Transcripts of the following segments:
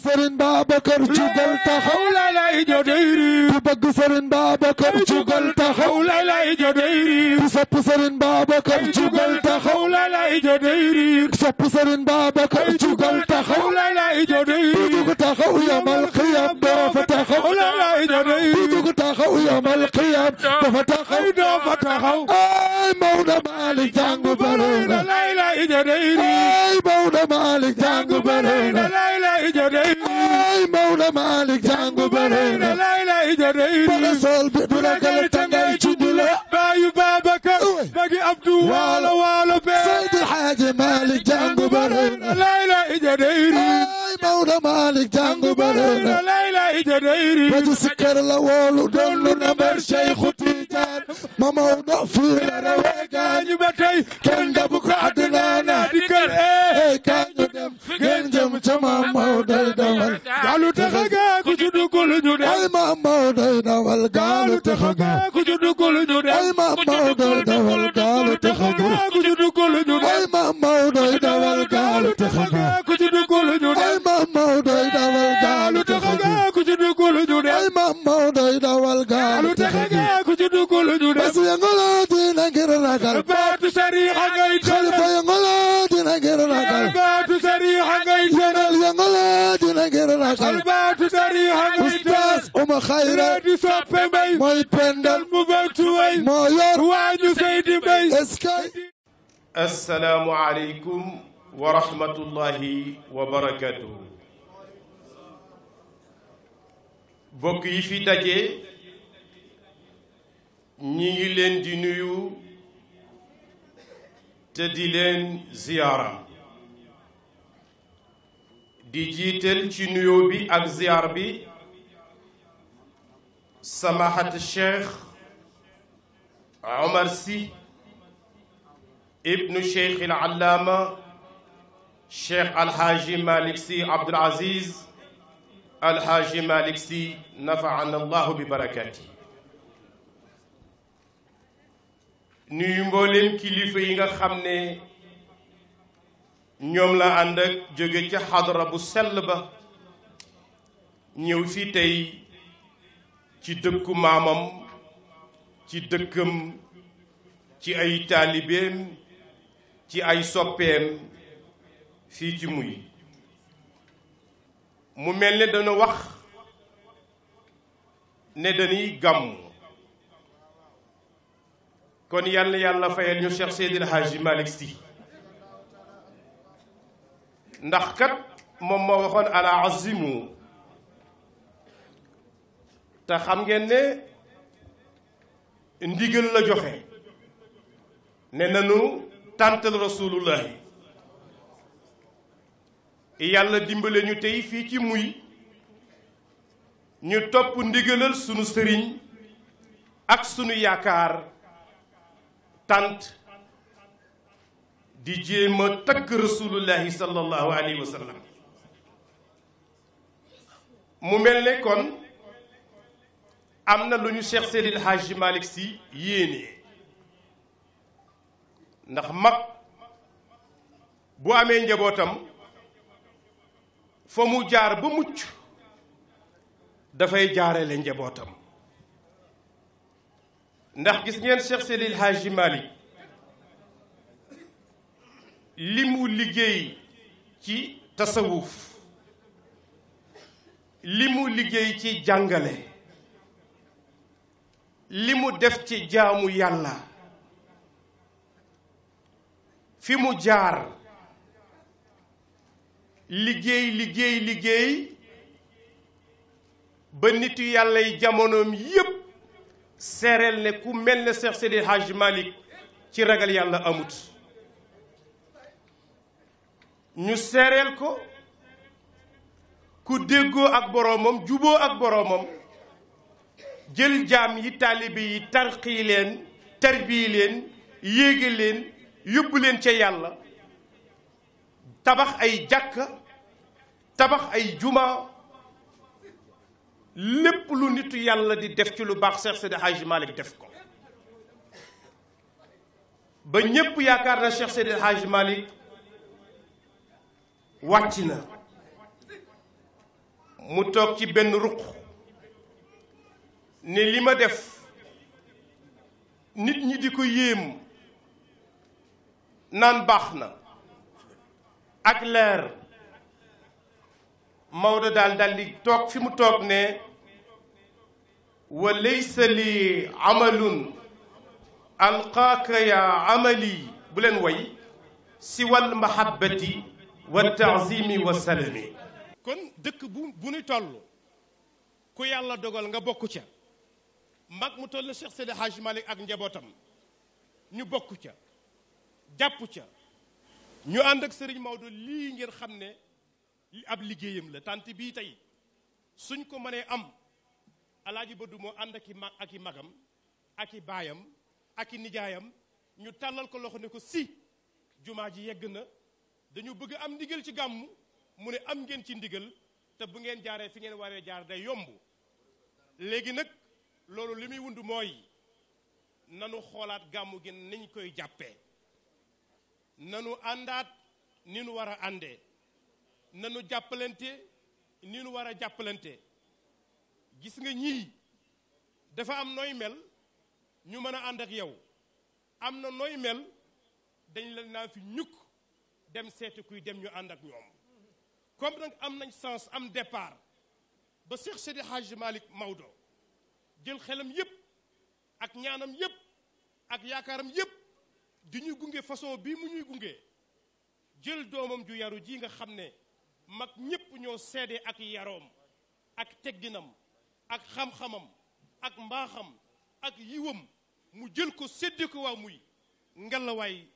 sëriñ Babacar jugal taxaw lay lay jodeyri ku bëgg sëriñ Babacar jugal taxaw lay lay jodeyri ku sopp sëriñ Babacar jugal taxaw lay lay jodeyri ku sopp sëriñ Babacar jugal taxaw lay lay jodeyri ku dugg taxaw yamal xiyam doo fa taxaw lay lay jodeyri ku dugg taxaw yamal xiyam doo fa taxaw doo fa taxaw ay Maodo Malick jàng bare nga lay lay jodeyri ay Maodo Malick jàng bare dig tàngu bare na lay lay jare baga sol bi du la kala tàngaay cundu la baayu Baabakar bagi Abdu waalo waalo be Seydi Haaji Malik jàngu bare na lay lay jare ay Mawdo Malik jàngu bare na lay lay jare baju sikkar la woolu dollu na bar Cheikhu Tijaan ma Mawdo fii la rawe gaañu ba tey kenn dabu ko àdduna na dikkal ee kañu dem ngeen jëm ca ma Mawdo day dawal dalu taxa maam Maodo dawal gaalu texa ga ku ju duggul ñu dem ay maam Maodo dawal gaalu texa ga ku ju duggul ñu dem ay maam Maodo dawal génération oustaz Oumar Khayra mooy pendal moo yor waañu Seydi Mbay est-ce que assalaamu aleykum wa rahmatullahi wa barakaatuhu bokk yi fi daje ñi ngi leen di nuyu te di leen ziyaara di jiital ci nuyoo bi ak ziyaar bi samahat cheikh omar si ibnu cheikh al allaama cheikh malik si abdul aziz alhaaji malik si nafaana allahu bi barakaati nuyu kilifa yi nga xam ne ñoom la ànd ak jóge ci xadara bu sell ba ñëw fii tey ci dëkku maamam ci dëkkam ci ay taalibeem ci ay soppeem fii ci muy mu mel ni dana wax ne dañuy gàmmu kon yàlla yàlla fayal ñu Cheikh Seydil Hadji Malick Sy ndax kat moom moo waxoon ala azimu te xam ngeen ne ndigal la joxe ne nanu tàntal rasulullahi yàlla dimbale ñu tey fii ci muy ñu topp ndigalal sunu sëriñ ak sunu yaakaar tànt di jéem a takk rasulullahi sallallahu alayhi wa mu mel ne kon am na lu ñu Cheikh Seydil Hadji Malick Sy yéene ndax mag bu amee njabootam fa mu jaar ba mucc dafay jaarale njabootam ndax gis ngeen Cheikh Seydil Hadji Malick li mu liggéey ci tasawuf li mu liggéey ci jàngale li mu def ci jaamu yàlla fi mu jaar liggéey liggéey liggéey ba nitu yàlla yi jamonoom yépp seereel ne ku mel ne Seex Seydi Hajj Malick ci ragal yàlla amut ñu seereel ko ku déggoo ak boroomam juboo ak boroomam jël jaam yi taalibe yi tarxii leen tarbii leen yéege leen yóbbu leen ca yàlla tabax ay jàkka tabax ay juma lépp lu nitu yàlla di def ci lu baax Cheikh Seydi Hadji Malick def ko ba ñépp yaakaar na Cheikh Seydi Hadji Malick wàcc na mu toog ci benn ruq ne li ma def nit ñi di ko yéem naan baax na ak leer Maodo daal daal di toog fi mu toog ne wa laysa lii amalun alqaaka yaa amali bu leen way siwal mahabbati wa taazimi wa salami kon dëkk bu bu nu toll ku yàlla dogal nga bokk ca mag mu toll Cheikh Seydi Hadj Malick ak njabootam ñu bokk ca jàpp ca ñu ànd ak Serigne Maodo lii ngir xam ne ab liggéeyam la tant bii tey suñ ko mënee am alaaji Badou moo ànd ak i mag ak i magam ak i baayam ak i nijaayam ñu tàllal ko loxo ne ko si jumaa ji yegg na dañu bëgg am ndigal ci gàmm mu ne am ngeen ci ndigal te bu ngeen jaaree fi ngeen waree jaar day yomb léegi nag loolu li muy wund mooy nanu xoolaat gàmmu gi niñ koy jàppee nanu àndaat ni nu war a àndee nanu jàppalente ni nu war a jàppalante gis nga ñii dafa am nooy mel ñu mën a ànd ak yow am na nooy mel dañ la naa fi ñukk dem seeti kuy dem ñu ànd ak ñoom comme nag am nañ sens am départ ba Cheikh Seydi Hadji Malick Maodo jël xelam yëpp ak ñaanam yëpp ak yaakaaram yëpp di ñuy gunge façon bi mu ñuy gunge jël doomam ju yaru ji nga xam ne mag ñëpp ñoo seede ak yaroom ak tegginam ak xam-xamam ak mbaaxam ak yiwam mu jël ko séddi ko waa muy ngelawaay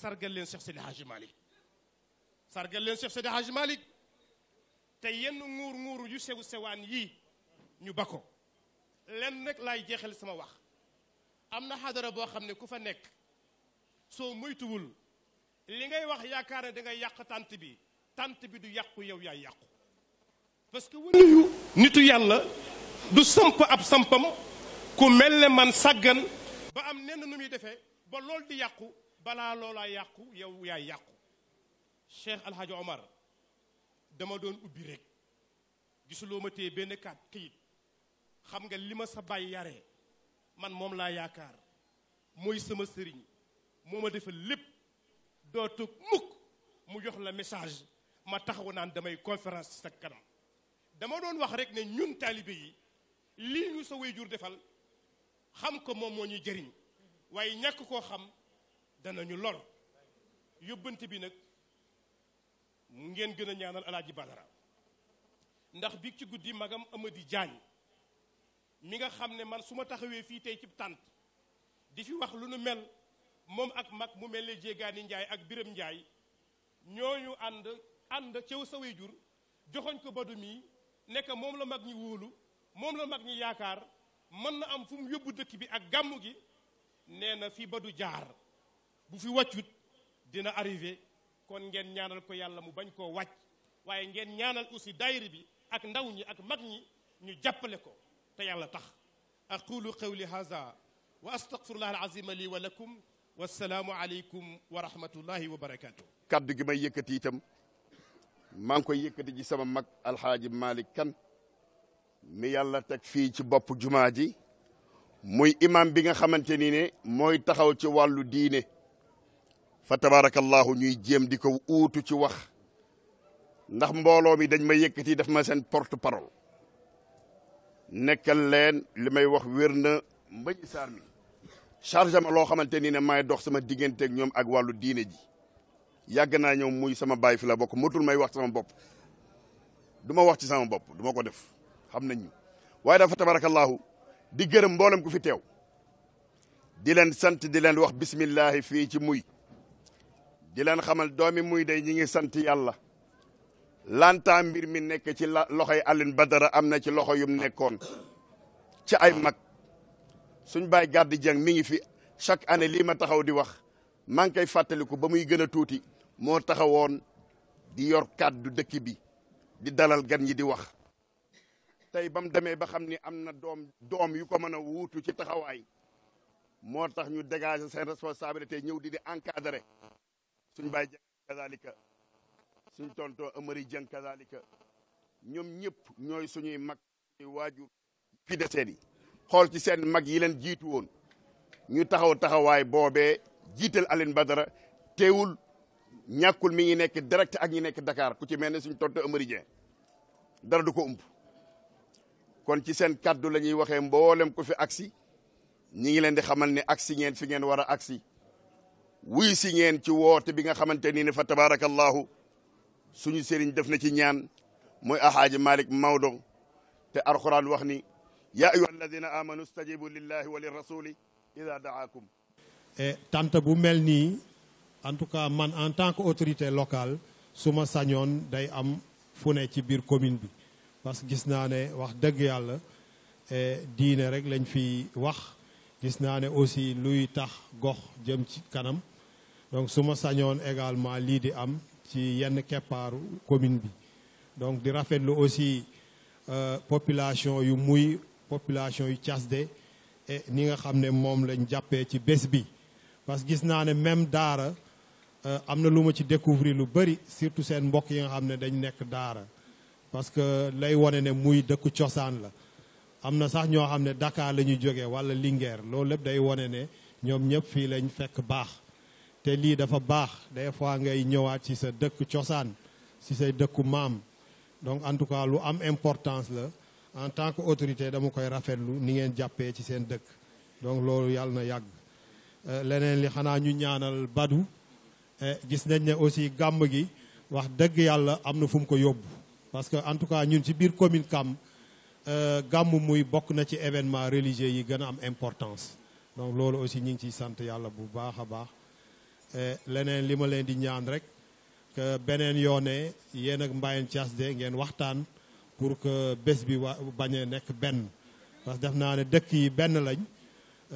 sargal leen Cheikh Seydi Hadji Malick sargal leen Cheikh Seydi Hadji Malick te yenn nguur nguur yu sewu sewaan yii ñu ba ko lenn rek laay jeexal sama wax am na xadara boo xam ne ku fa nekk soo moytuwul li ngay wax yaakaar ne da ngay yàq tànt bi tànt bi du yàqu yow yaay yàqu parce que wënuyu nitu yàlla du samp ab sampam ku mel ne man sàggan ba am nenn nu muy defee ba lool di yàqu balaa loolaa yàqu yow yaa yàqu Cheikh Alhaji Omar dama doon ubbi rek gisuloo ma téye benn kaat kayit xam nga li ma sa bàyyi yare man moom laa yaakaar mooy sama sëriñ moo ma defal lépp dootu mukk mu jox la message ma taxaw naan damay conférence ci sa kanam dama doon wax rek ne ñun taalibe yi lii ñu sa waajur defal xam ko moom moo ñuy jëriñ waaye ñàkk koo xam danañu lor yóbbante bi nag ngeen gën a ñaanal alaaji Badara ndax bi ci guddi magam Amady Diagne mi nga xam ne man su ma taxawee fii tey ci tànt di fi wax lu nu mel moom ak mag mu mel ne Jégaani Njaay ak Biram Njaay ñooñu ànd ànd cew sa way jur joxoñ ko badu mii nekk moom la mag ñi wóolu moom la mag ñi yaakaar mën na am fum mu yóbbu dëkk bi ak gàmmu gi nee na fi du jaar bu fi wàccut dina arrive kon ngeen ñaanal ko yàlla mu bañ koo wàcc waaye ngeen ñaanal aussi daayira bi ak ndaw ñi ak mag ñi ñu jàppale ko te yàlla tax aqulu qawli hadha wa astaghfirullah alazima li wa lakum aleykum wa rahmatullahi wa barakatuh kaddu gi may yëkkati itam maa ngi koy yëkkati ji sama mag alxaaji Malick Kan mi yàlla teg fii ci bopp jumaa ji muy imam bi nga xamante ni ne mooy taxaw ci wàllu diine fa tabaarakallaahu ñuy jéem di ko uutu ci wax ndax mbooloo mi dañ ma yëkkati daf ma seen porte parole nekkal leen li may wax wér na Mbaye Sarr mi chargé ma loo xamante ni ne maay dox sama digganteeg ñoom ak wàllu diine ji yàgg naa ñoom muy sama baay fi la bokk motul may wax sama bopp du ma wax ci sama bopp du ko def xam nañ ñu waaye dafa tabaarakallaahu di gërëm mboolem ku fi teew di leen sant di leen wax bismillahi fii ci muy di leen xamal doomi muy day ñi ngi sant yàlla lanta mbir mi nekke ci loxoy Alioune Badara am na ci loxo yum nekkoon ci ay mag suñ baay gàddi jàng mi ngi fi chaque année lii ma taxaw di wax maa ngi koy fàttaliku ba muy gën tuuti moo taxawoon di yor kàddu dëkk bi di dalal gan ñi di wax tey ba mu demee ba xam ni am na doom doom yu ko mën a wuutu ci taxawaay moo tax ñu dégager seen responsabilité ñëw di di encadrer suñ baay jëng kazalika suñ tonto amari jëng kazalika ñoom ñëpp ñooy suñuy mag suñuy waajur fi deseen yi xool ci seen mag yi leen jiitu woon ñu taxaw taxawaay boobee jiital Alioune Badara teewul ñàkkul mi ngi nekk direct ak ñi nekk Dakar ku ci mel ne suñ tonto amari jëng dara du ko ëmb kon ci seen kaddu la ñuy waxee mboolem ku fi agsi ñi ngi leen di xamal ne agsi ngeen fi ngeen war a agsi wuy si ngeen ci woote bi nga xamante ni ne fa tabarakallahu suñu sëriñ def na ci ñaan mooy ahaaji malik mawdo te alquran wax ni ya ayuha alladina amanu stajibu lillahi wa lirrasuli ida daakum e eh, tant bu mel nii en tout cas man en tant que autorité locale su ma sañoon day am fu ne ci biir commune bi parce que gis naa ne wax dëgg yàlla eh, diine rek lañ fi wax gis naa ne aussi luy tax gox jëm ci kanam donc su ma sañoon également lii di am ci yenn keppaaru commune bi donc di rafetlu aussi euh, population yu muy population yu Thiasde et ni nga xam ne moom lañ jàppee ci bés bi parce que gis naa ne même daara euh, am na lu ma ci découvrir lu bëri surtout seen mbokk yi nga xam ne dañ nekk daara parce que lay wane ne muy dëkku cosaan la am na sax ñoo xam ne Dakar la ñuy jógee wala Linguère loolu lépp day wane ne ñoom ñëpp fii lañ fekk baax te lii dafa baax des fois ngay ñëwaat ci sa dëkk cosaan ci say dëkku maam donc en tout cas lu am importance la en tant que autorité dama koy rafetlu ni ngeen jàppee ci seen dëkk donc loolu yàlla na yàgg euh, leneen li xanaa ñu ñaanal badu euh, gis nañ ne aussi gàmm gi wax dëgg yàlla am na fu mu ko yóbbu parce que en tout cas ñun ci biir commune Kam euh, gàmm muy bokk na ci événement religieux yi gën a am importance donc loolu aussi ñu ngi ciy sant yàlla bu baax a baax Eh, leneen li ma leen di ñaan rek que beneen yoone yéen ak mbay Thiass de ngeen waxtaan pour que bés bi wa bañee nekk benn parce que def naa ne dëkk yi benn lañ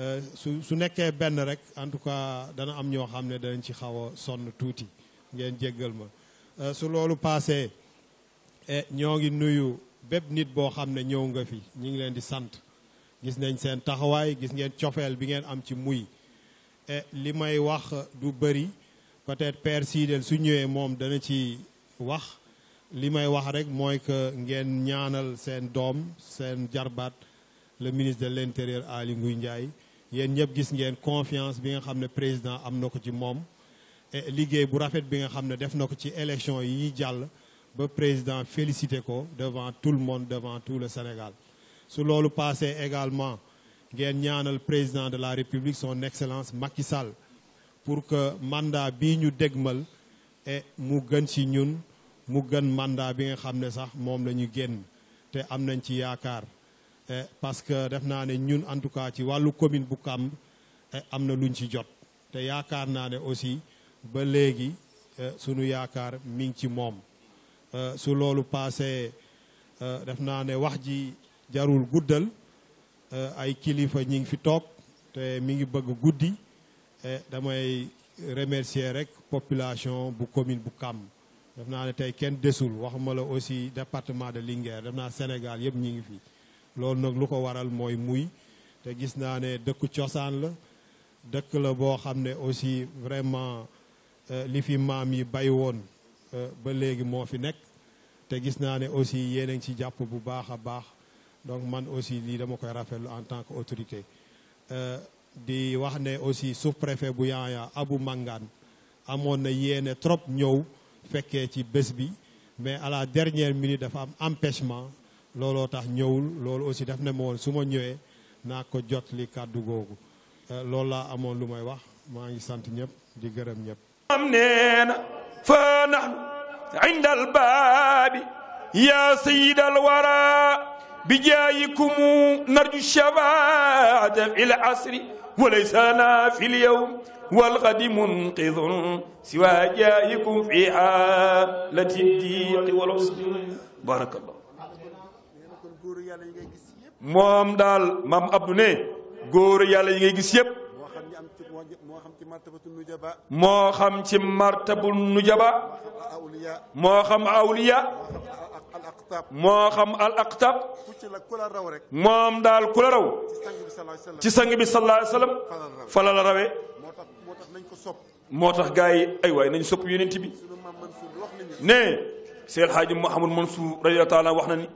eh, su su nekkee benn rek en tout cas dana am ñoo xam ne danañ ci xaw a sonn tuuti ngeen jéggal ma eh, su loolu paasee ñoo ngi nuyu bépp nit boo xam ne ñëw nga fi ñu ngi leen di sant gis nañ seen taxawaay gis ngeen cofeel bi ngeen am ci muy Eh, li may wax du bëri peut-être père Sidel su ñëwee moom dana ci wax li may wax rek mooy que ngeen ñaanal seen doom seen jarbaat le ministre de l'intérieur Aly Ngouille Ndiaye yéen ñëpp gis ngeen confiance bi nga xam ne président am na ko ci moom eh, liggéey bu rafet bi nga xam ne def na ko ci élection yi jàll ba président félicité ko devant tout le monde devant tout le Sénégal su loolu passé également ngeen ñaanal président de la république son excellence makisal pour que mandat bi ñu dégmal et mu gën ci ñun mu gën mandat bi nga xam ne sax moom la ñu génn te am nañ ci yaakaar parce que def naa ne ñun en tout cas ci wàllu commune bu Kamb am na luñ ci jot te yaakaar naa ne aussi ba léegi e, sunu yaakaar mi ngi ci moom e, su loolu passé e, def naa ne wax ji jarul guddal Euh, ay kilifa ñi ngi fi toog te mi ngi bëgg guddi eh, damay remercier rek population bu commune bu Kam def naa ne tey kenn desul waxuma la aussi département de Linguère def naa Sénégal yëpp ñi ngi fi loolu nag lu ko waral mooy muy te gis naa ne dëkk cosaan la dëkk la boo xam ne aussi vraiment euh, li fi maam yi bay woon euh, ba léegi moo fi nekk te gis naa ne aussi yéen a ngi ci jàpp bu baax a baax donc man aussi lii dama koy rafetlu en tant que autorité euh, di wax ne aussi sous-préfet bu Yaya abu Mangane amoon na yéene trop ñëw fekkee ci bés bi mais à la dernière minute dafa am empêchement looloo tax ñëwul loolu aussi daf ne ma woon su ma ñëwee naa ko jotli kàddu googu euh, loolu la amoon lu may wax maa ngi sant ñëpp di gërëm ñëpp am neena fa nahnu inda al baabi ya sayyid al wara بجايكم نرجو الشفاعة في العصر وليس لنا في اليوم والغد منقذ سوى جايكم في حالة الضيق والعسر بارك الله moom daal maam Abdou ne góor yàlla yi ngay gis yëpp moo xam ci martabul nujaba moo xam awliya moo xam al aqtab moom daal ku la raw ci sang bi sallallahu alayhi wa sallam fala la rawee moo tax gars yi ay waay nañu sopp yonent bi ne Seydi Hadji Mouhamadou Mansour radiyallahu taala wax na ni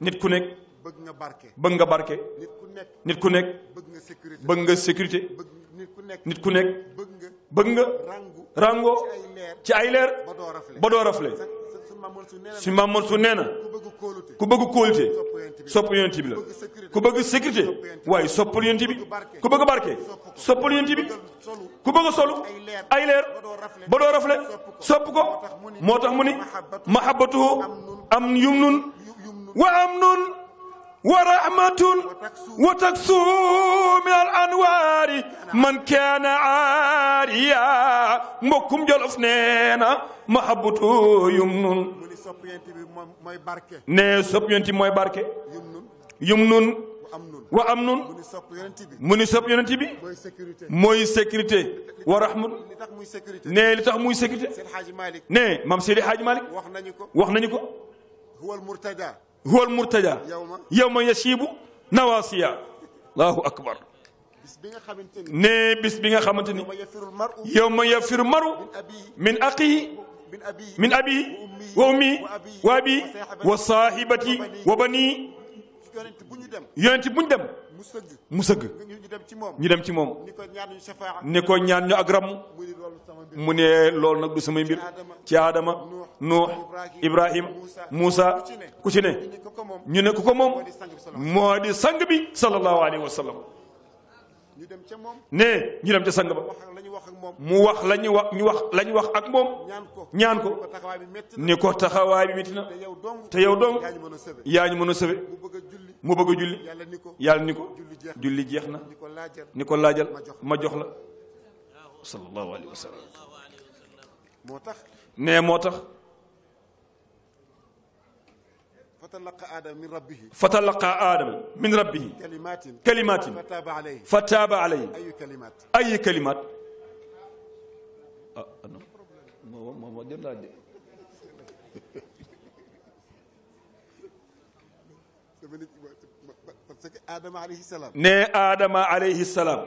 nit ku nekk bëgg nga barke bëgg nga barke nit ku nekk bëgg nga sécurité nit ku nekk bëgg nga ràngo ci ay leer ba doo rafle suñu maam Mansour nee na ku bëgg kóolute sopp yonent bi la ku bëgg sécurité waaye soppal yonent bi ku bëgg barke soppal yonent bi ku bëgg solu ay leer ba doo rafle sopp ko moo tax mu ni mahabbatuhu am yum nun wa am nun ورحمة وتكسو من الأنوار من كان عاريا مكم جلوف نينا محبتو يمنون ne sopp yonent bi mooy barke yumnun wa amnun mu ni sopp yonent bi mooy sécurité wa rahmat ne li tax muy sécurité ne maam Seydi Hadji Malick wax nañu ko huwa al murtada huwa al murtaja yawma yasiibu nawaasiya allahu akbar ne bis bi nga xamante ni yawma yafiru maru min aqihi min abihi wa ummihi wa abihi wa saahibati wa banii yonent bu ñu dem. yonent bu ñu dem. mu sëgg mu sëgg. ñu dem ci moom ñu dem ci moom. ni ko ñaan ñu safaa ni ko ñaan mu ne loolu nag du samay mbir. ci Adama Nuux Ibrahim Moussa ku ci ne. ñu ne ku ko moom. moo di sang bi sallallahu alayhi wa sallam. ne ñu dem ca sang ba mu wax la ñu wax ñu wax la ñu wax ak moom ñaan ko ni ko taxawaay bi métti na te yow dong yaa ñu mën a sauver mu bëgg a julli yàlla ni ko julli jeex na ni ko laajal ma jox la sallallahu alayhi wa sallam nee moo tax فتلقى آدم من ربه فتلقى آدم من ربه كلمات كلمات فتاب عليه فتاب عليه أي كلمات أي كلمات ne Adama alayhi salaam.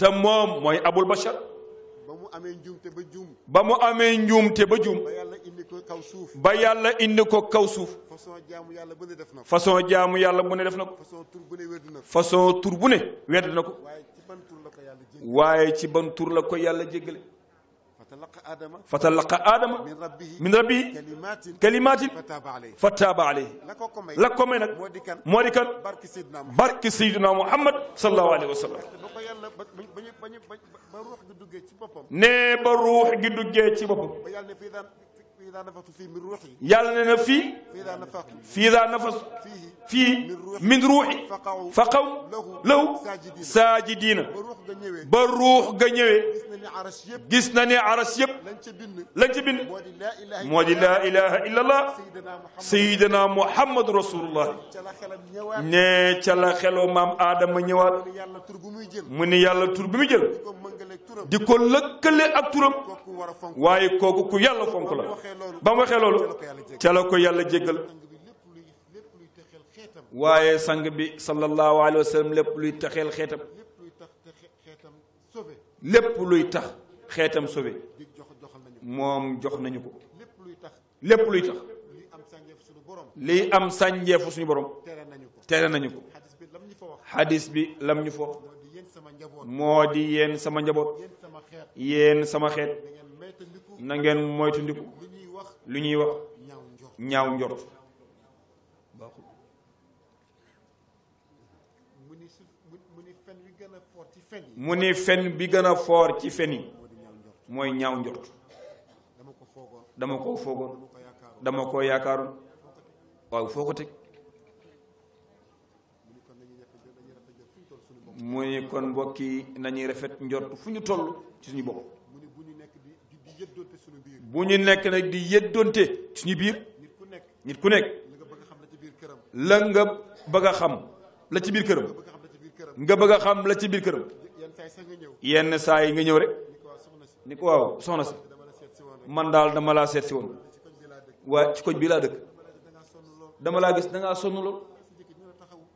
te moom mooy Abul Bachar. ba mu amee njuumte ba juum. ba mu amee njuumte ba juum. ba yàlla indi ko kaw suuf. ba yàlla indi ko kaw suuf. façon jaamu yàlla bu ne def na ko. façon jaamu yàlla bu ne def na ko. façon tur bu ne wedd na ko. façon tur bu ne ko. waaye ci ban tur ko yàlla jéggale. waaye ci ban la ko yàlla jéggale. fatalaqa aadama min rabbihi kalimaatin fataaba alayhi la ko may nag moo di kan barki sayyidina Muhammad sallallahu alayhi wa sallam ne ba ruux gi duggee ci boppam yàlla ne na fii fii daa nafas fii min ruuxi fa xaw lahu saajidiina ba ruux ga ñëwee gis na ne aras yëpp lañ ci bind moo di laa ilaha illa allah sayidana muhammadu rasulullah ne ca la xeloo maam aadama ñëwaat mu ne yàlla tur bi muy jël di ko lëkkale ak turam waaye kooku ku yàlla fonk la ba mu waxee loolu ca la ko yàlla jéggal waaye sang bi sallallahu alayhi wa sallam lépp luy taxeel xeetam lépp luy tax xeetam sobe moom jox nañu ko lépp luy tax liy am sànjeefu suñu borom tere nañu ko xadis bi lam ñu fo moo di yéen sama njaboot yéen sama xeet na ngeen moytandiku lu ñuy wax ñaaw njort mu ni fen bi gën a foor ci fen yi mooy ñaaw njort dama ko foogoon dama ko yaakaaroon waaw foo ko teg mu ne kon mbokk yi nañuy rafet njort fu ñu toll ci suñu bopp bu ñu nekk nag di yëddoonte ci suñu biir nit ku nekk la nga bëgg a xam la ci biir këram nga bëgg xam la ci biir këram yenn saa yi nga ñëw rek ni ko waaw soxna si man daal dama laa seet si woon waaye ci koñ bi laa dëkk dama laa gis danga ngaa sonn lool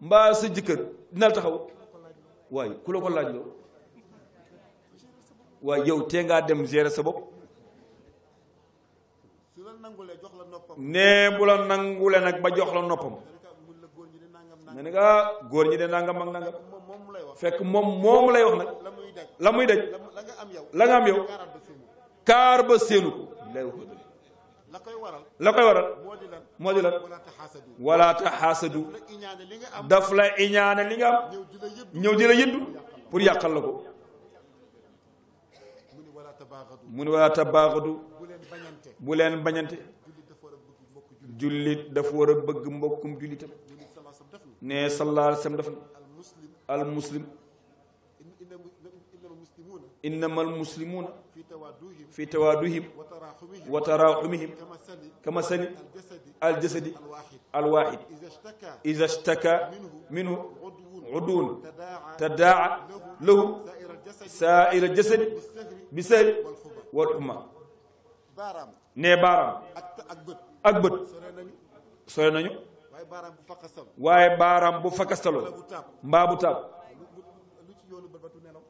mbaa sa jëkkër dina la taxaw waaye ku la ko laaj loo waaye yow tee ngaa dem gérer sa bopp nee bu la nangule nag ba jox la noppam nga ne nga ah, góor ñi de nangam ak nangam fekk moom moomu lay wax nag la muy daj la nga am yow kaar ba séenu ko lay wax la koy waral moo di lan wala taxaasadu daf la iñaane li nga am ñëw di la yëddu pour yàqal la ko mu ni wala tabaaxadu bu leen bañante jullit dafa war a bëgg mbokkum jullitam ne sallallahu alayhi wa sallam daf ne al innama almuslimuuna fi tawaaduhim wa taraaxumihim kama sali aljasadi alwaxid ida shtaka minhu udun tadaaca lahu saaira aljasadi bisahri walxuma ne baaraam ak bët sore nañu waaye baaraam bu fakastaloo mbaa bu taab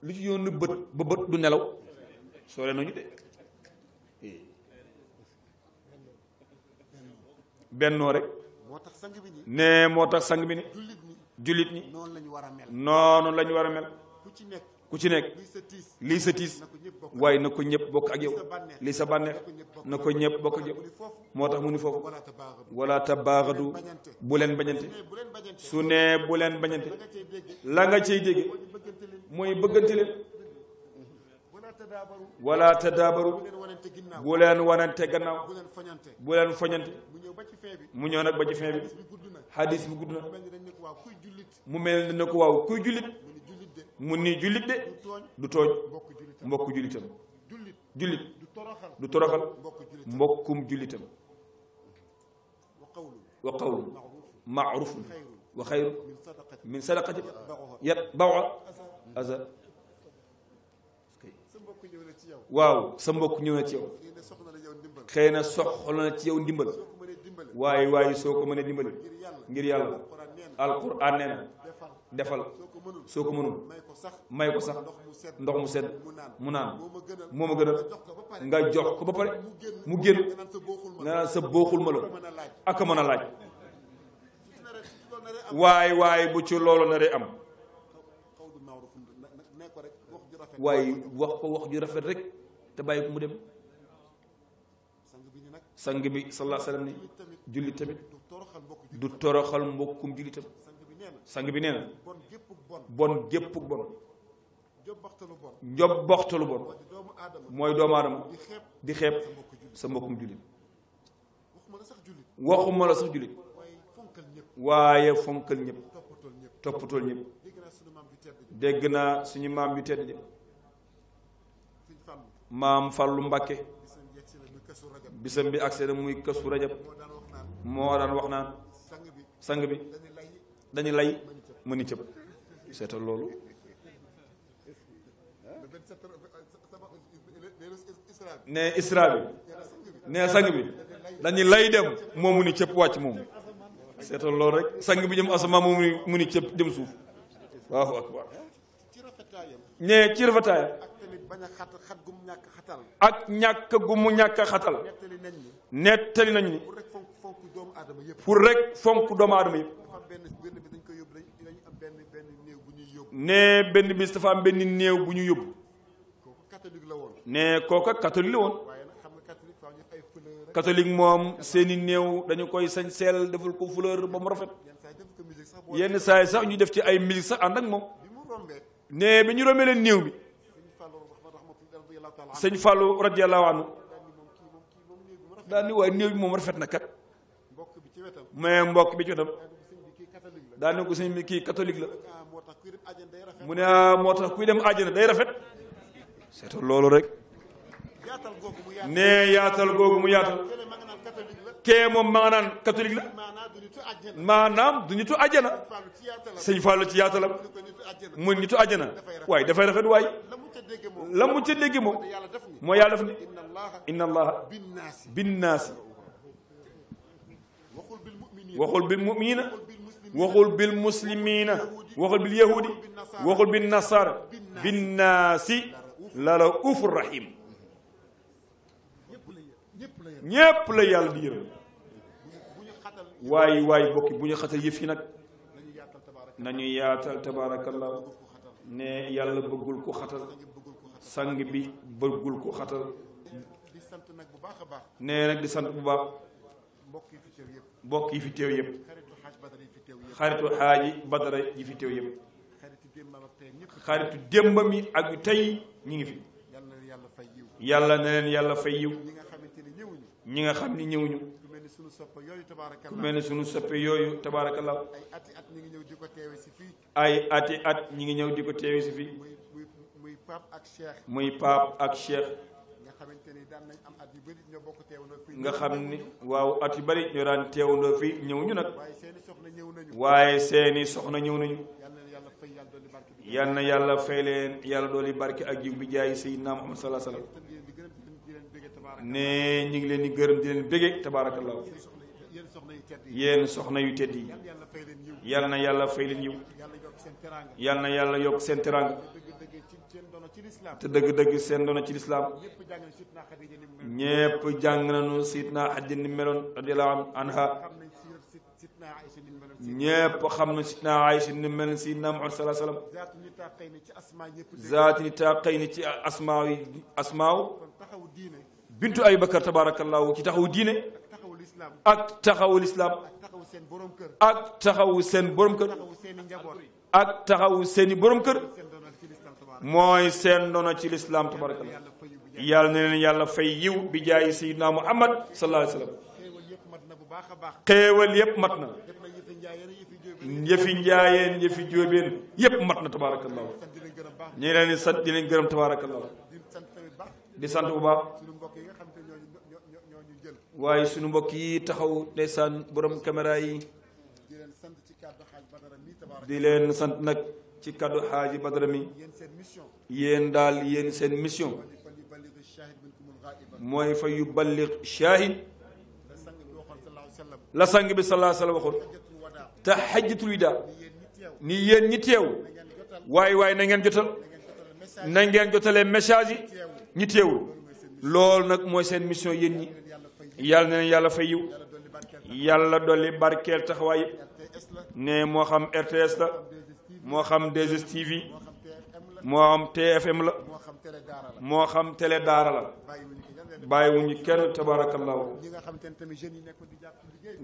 li ci yoon bët ba bët du nelaw soo leen nañu de bennoo rek nee moo tax sang bi ni jullit ñi noonu la ñu war a mel ku ci nekk lii sa tiis waaye na ko ñëpp bokk ak yow lii sa bànneex na ko ñëpp bokk ak yow moo tax mu ni foofu wala tabaaxadu bu leen bañante su nee bu leen bañante la nga cay dégg mooy bëggante leen wala tadaabaru bu leen wanante gannaaw bu leen foñante mu ñëw nag ba ci fin bi hadis bi gudd na mu mel ne ko waaw kuy jullit mu ni jullit de du tooñ mbokk jullitam jullit du toroxal mbokkum jullitam wa qawlu maarufun xayru min sadaqati yat bawa azar waaw sa mbokk ñëw na ci yow xëy na soxla na ci yow ndimbal waaye waaye soo ko mënee dimbali ngir yàlla alquran nee na defal soo ko mënul may ko sax ndox mu sedd mu naan moo ma gën a nga jox ko ba pare mu génn nga naan sa booxul ma la ak mën a laaj waaye waaye bu ci loolu na ree am waaye wax ko wax ju rafet rek te bàyyi ko mu dem sang bi sallallahu alayhi wasallam ni julli tamit du toroxal mbokkum julli tamit bi nee na mooy doomu aadama di xeeb sa mbokkum jullit waxuma la sax jullit waaye fonkal ñëpp toppatool naa suñu maam yu tedd maam Fàllu Mbàkke bisam bi agsi na muy kësu rajab moo daan wax naan sang bi dañu lay mëni cëb seetal loolu euh, euh, euh, ne isra bi ne sang bi dañu lay dem moo mu ni cëpp wàcc moom seetal loolu rek sang bi jëm asamaan moo mu ni cëpp jëm suuf waaw akbar ne ci rafetaayam bañ a xat xat ñàkk xatal. ak ñàkk gu mu ñàkk xatal. nettali nañ ni. nettali nañ ni. pour rek fonk doomu aadama yëpp. pour rek fonk doomu aadama yëpp. ne benn bis dafa am benn néew bu ñu yóbbu. ne kooka catholique la woon. catholique moom seeni néew dañu koy sañ seel deful ko fleur ba mu rafet. yenn saa yi sax ñu def ci ay musique sax ànd ak moom. ne bi ñu rombee leen néew bi. sëñ Fallou radiyallahu anhu daal ni waaye néew bi moom rafet na kat mais mbokk bi ci wetam daal ni ko sëñ bi kii catholique la mu ne ah moo tax kuy dem àjjana day rafet seetal loolu rek nee yaatal googu mu yaatal kee moom maanaam catholique la maanaam du nitu àjjana sëñ Fallou ci yaatalam mu nitu àjjana waaye dafay rafet waay la mu ca dégg moom moo yàlla def ne inna allaha binnaasi waxul bil bi waxul bil muslimina waxul bil yahudi waxul bin nasara binnaasi la raufur rahim ñépp la yàlla di yërëm waaye waaye bokki bu ñu xatal yëf yi nag nañu yaatal tabaarakallah ne yàlla bëggul ko xatal sang bi bëggul ko xatal nee nag di sant bu baax mbokk yi fi teew yëpp xaritu xaaji badara yi fi teew yëpp xaritu démba yi ak tey ñi ngi fi yàlla na leen yàlla fay yiw ñi nga xam ne ñëwuñu sunu soppe yooyu tabaarakallaa ku mel ne sunu soppe yooyu tabaarakallaa ay ati at ñi ngi ñëw di ko teewe si fii ay ati at ñi ngi ñëw di ko teewe si fii muy pape ak muy pape ak cheikh nga xamante ni daan nañ am at yu bëri ñoo bokk teewandoo fii nga xam ni waaw at yu bëri ñoo daan teewandoo fii ñëw ñu nag waaye seeni soxna ñëw nañu waaye seeni soxna ñëw nañu yal na yàlla fay leen yàlla dooli barke ak jiw bi jaay sayyidina Muhammad sallallahu alayhi wa ne ñu ngi leen di gërëm di leen bége tabaarakallaahu yéen soxna yu tedd yi yal na yàlla fay leen yiw yal na yàlla yokk seen teraanga te dëgg-dëgg seen doona ci lislaam ñépp jàng nañu Sidna Xadiija ni meloon radiyallaahu anha ñépp xam na Sidna Aysa ni mel Sidna Muhammad sallallaahu alayhi wa sallam zaati ni taaqay ni ci asmaaw yi asmaaw bintu Abubakar tabaarakallaahu ci taxawu diine ak taxawu lislaam ak taxawu seen borom kër ak taxawu seeni borom kër mooy seen ndono ci lislaam tabaarakallaahu yàlla na leen yàlla fay yiw bi jaayi sayyidina Muhammad sallallaahu alayhi wa sallam xéewal yëpp mat na yëfi njaayeen yëfi jóobeen yëpp mat na tabaarakallaahu ñu leen di sant di leen gërëm tabaarakallaahu di sant bu baax waaye suñu mbokk yi taxaw san borom caméra yi di leen sant nag ci kaddu xaaji badara mi yéen daal yéen seen mission mooy fa yu balliq shaahid la sang bi salaa sala waxoon te xajjatul widaa ni yéen ñi teew waaye waaye na jotal na jotalee message ñi loolu nag mooy seen mission yéen ñi yàlla na leen yàlla fa yiw yàlla dolli barkeel taxawaay yëpp ne moo xam RTS la moo xam 2STV moo xam TFM la moo xam tele daara la bàyyiwuñu kenn tabaarakallaahu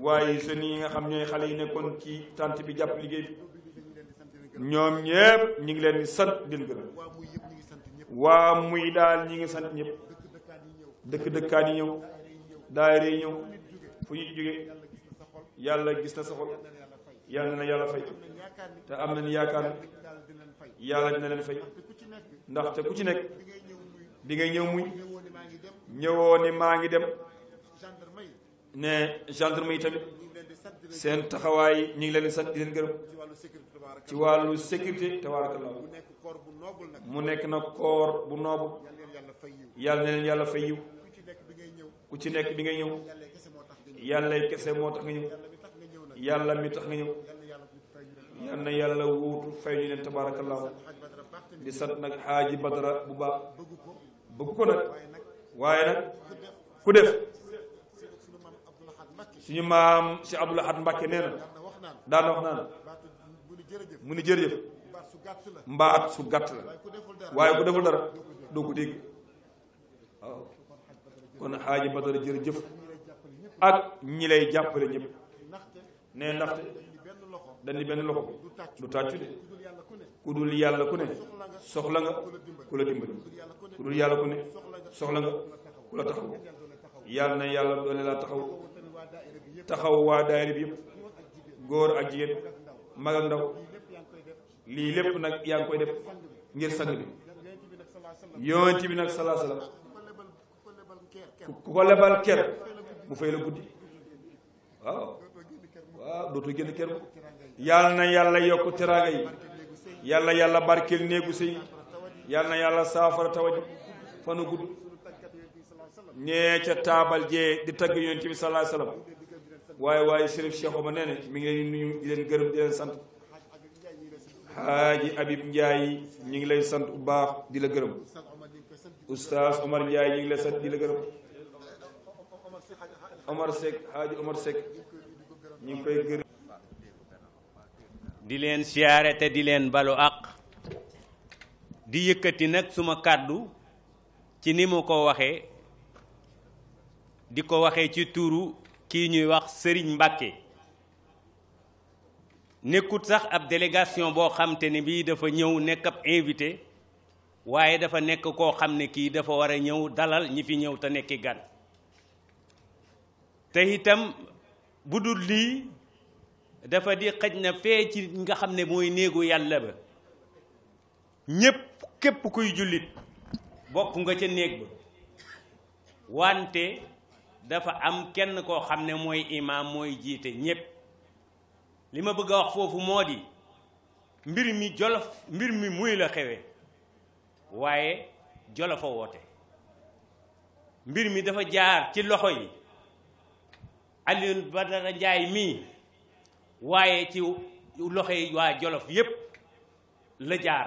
waaye jeunes yi nga xam ñooy xale yi nekkoon ci tant bi jàpp liggéey bi ñoom ñëpp ñu ngi leen di sant di waa muy daal ñi ngi sant ñëpp dëkk dëkkaat yi ñëw daayira yi ñëw fu ñu jóge yàlla gis na sa xol yàlla na yàlla fay te am nañ yaakaar ne yàlla dina leen fay ndaxte ku ci nekk bi ngay ñëw muy ñëwoo ni maa ngi dem ne gendarme yi tamit seen taxawaay ñu ngi leen di sant di leen gërëm ci wàllu sécurité tabarakallah mu nekk na koor bu noobu yàlla na leen yàlla fay yiw ku ci nekk bi ngay ñëw yàlla kese moo tax nga ñëw yàlla mi tax nga ñëw yàlla na yàlla wuutu fay ñu leen tabaarakallaahu di sant nag xaaji badara bu baax bëgg ko nag waaye nag ku def suñu maam si abdul ahad mbàkke nee na daana wax naan mu ni jërëjëf mbaat su gàtt la waaye ku deful dara doo ko dégg waaw kon xaaji Badara jërëjëf ak ñi lay jàppale ñëpp ne ndaxte dañu benn loxo du tàccu de ku dul yàlla ku ne soxla nga ku la dimbali ku dul yàlla ku ne soxla nga ku la taxaw yàlla na yàlla doole laa taxaw taxaw waa daayira bi yëpp góor ak jigéen mag ndaw lii lépp nag yaa ngi koy def ngir sang bi yonent bi nag salaa ku ko lebal ker mu fay la guddi waaw waaw dootoo génn ker bu yàlla na yàlla yokk teraanga yi yàlla yàlla barkeel néegu sëy yàlla na yàlla saafara tawaj fanu gudd nee ca taabal jee di tagg yonent bi salaa salaam waaye waaye Chérif Cheikh Oumar nee na mi ngi leen di nuyu di leen gërëm di sant xaaji Habib Ndiaye ñu ngi lay sant bu baax di la gërëm oustaz Omar Ndiaye ñu ngi lay sant di la gërëm Omar Seck xaaji Omar Seck ñu ngi koy gërëm. di leen siyaare te di leen balu àq di yëkkati nag suma kàddu ci ni mu ko waxee di ko waxee ci tuuru kii ñuy wax sëriñ Mbacke. nekkut sax ab délégation boo xam te ne bii dafa ñëw nekk ab invité waaye dafa nekk koo xam ne kii dafa war a ñëw dalal ñi fi ñëw te nekki gan te itam bu dul lii dafa di xëj na fee ci nga xam ne mooy néegu yàlla ba ñépp képp kuy jullit bokk nga ca néeg ba wante dafa am kenn koo xam ne mooy imam mooy jiite ñépp li ma bëgg a wax foofu moo di mbir mi jolof mbir mi muy la xewee waaye jolofa woote mbir mi dafa jaar ci loxo yi Alioune Badara njaay mii waaye ci loxo yi waa jolof yépp la jaar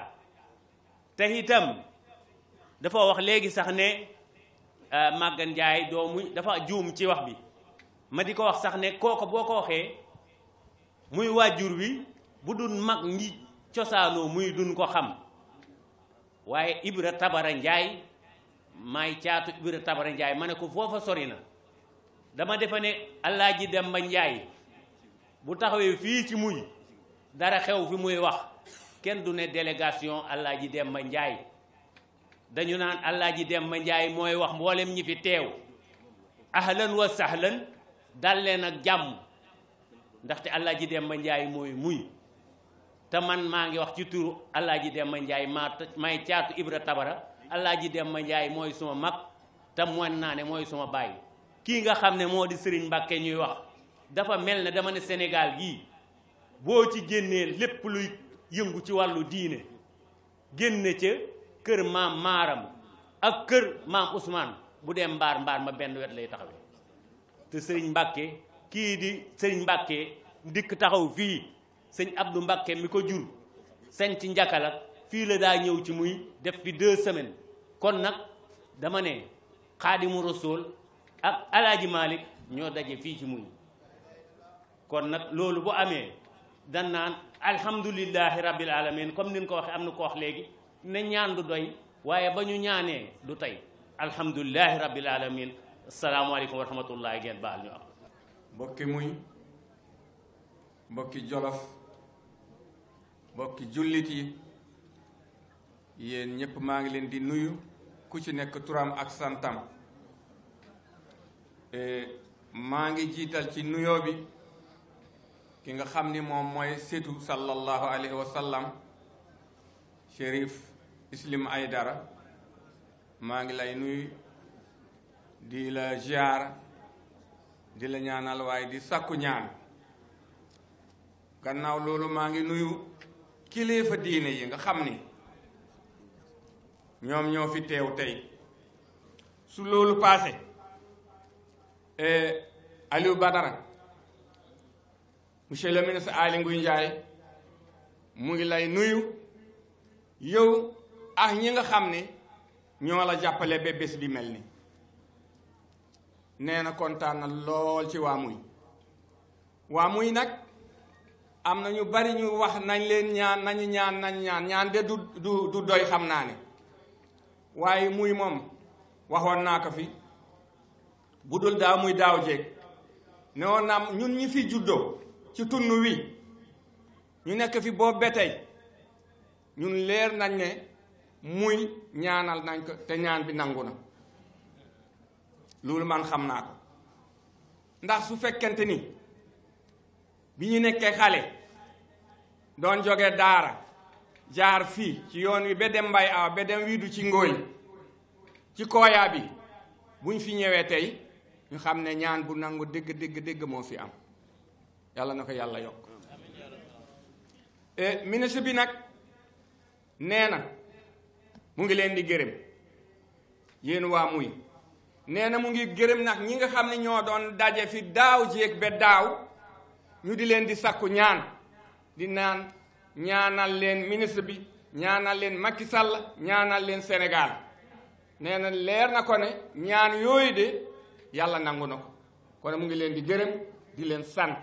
te itam dafa wax léegi sax ne euh, Maguette Ndiaye doomu dafa juum ci wax bi ma di ko wax sax ne kooko boo ko waxee muy waajur wi bu dun mag ngi cosaanoo muy dun ko xam waaye ibra tabara njaay maay caatu ibra tabara njaay ma ne ko foofa sori na dama defe ne dem ba njaay bu taxawee fii ci muñ dara xew fi muy wax kenn du ne ji dem ba njaay dañu naan dem demba njaay mooy wax mboolem ñi fi teew ahlan wa sahlan dal leen ak jàmm ndaxte dem Demba Njaay mooy muñ te man maa ngi wax ci turu Alaaji Demba Njaay maa may caatu Ibra Tabara dem ma Njaay mooy suma mag te mën naa ne mooy suma baay kii nga xam ne moo di Sëriñ Mbàkke ñuy wax dafa mel ne dama ne Sénégal gii boo ci génnee lépp luy yëngu ci wàllu diine génn ca kër maam maaram ak kër maam Ousmane bu dee mbaar mbaar ma benn wet lay taxawee te Sëriñ Mbàkke kii di sëñ Mbàkke dikk taxaw fii sëñ Abdou Mbàkke mi ko jur sëñ ci njakala fii la daa ñëw ci muy def fi deux semaine kon nag dama ne xaadimu rasool ak alaaji Malick ñoo daje fii ci muy kon nag loolu bu amee dan naan alhamdulillahi rabbil alamin comme ni ko waxe am nu ko wax léegi ne ñaan du doy waaye ba ñu ñaanee du tey alhamdulillahi rabbil alamin asalaamaaleykum wa rahmatullahi ngeen baal ñu am mbokki muy mbokki jolof mbokki jullit yi yéen ñépp maa ngi leen di nuyu ku ci nekk turam ak santam e, maa ngi jiital ci nuyoo bi ki nga xam ni moom mooy setu sallallahu alayhi wa sallam Chérif ay dara maa ngi lay nuyu di la ziar di la ñaanal waaye di sàkku ñaan gannaaw loolu maa ngi nuyu kilifa diine yi nga xam ni ñoom ñoo fi teew tey su loolu paase e, Aliou Badara monsieur le ministre Aly Ngouille Ndiaye mu ngi lay nuyu yow ak ñi nga xam ni ñoo la jàppale ba bés bi mel ni nee na kontaan na lool ci waa muy waa muy nag am na ñu bari ñu wax nañ leen ñaan nañu nañ ñaan ñaan de du du doy xam naa ne waaye muy moom waxoon naa ko fi bu dul daaw muy daaw jeeg ne woon naa ñun ñi fi juddoo ci tund wi ñu nekk fi boobu ba tey ñun leer nañ ne muy ñaanal nañ ko te ñaan bi nangu na loolu man xam naa ko ndax su fekkente ni bi ñu nekkee xale doon joge daara jaar fi ci yoon wi ba dem mbay aw ba dem wiidu ci ngooy ci kooyaa bi buñ fi ñëwee tey ñu xam ne ñaan bu nangu dégg dégg dégg moo fi am yàlla na ko yàlla yokk eh, ministre bi nag nee na mu ngi leen di gërëm yéen waa muy nee na mu ngi gërëm nag ñi nga xam ne ñoo doon daje fi daaw jéeg ba daaw ñu di leen di sakku ñaan di naan ñaanal leen ministre bi ñaanal leen Macky Sall ñaanal leen Sénégal nee na leer na ko ne ñaan yooyu de yàlla nangu na ko kon mu ngi leen di gërëm di leen sant